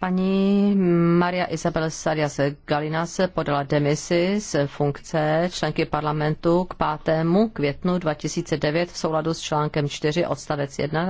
Paní Maria Isabel Sarias Galina se podala demisi z funkce členky parlamentu k 5. květnu 2009 v souladu s článkem 4 odstavec 1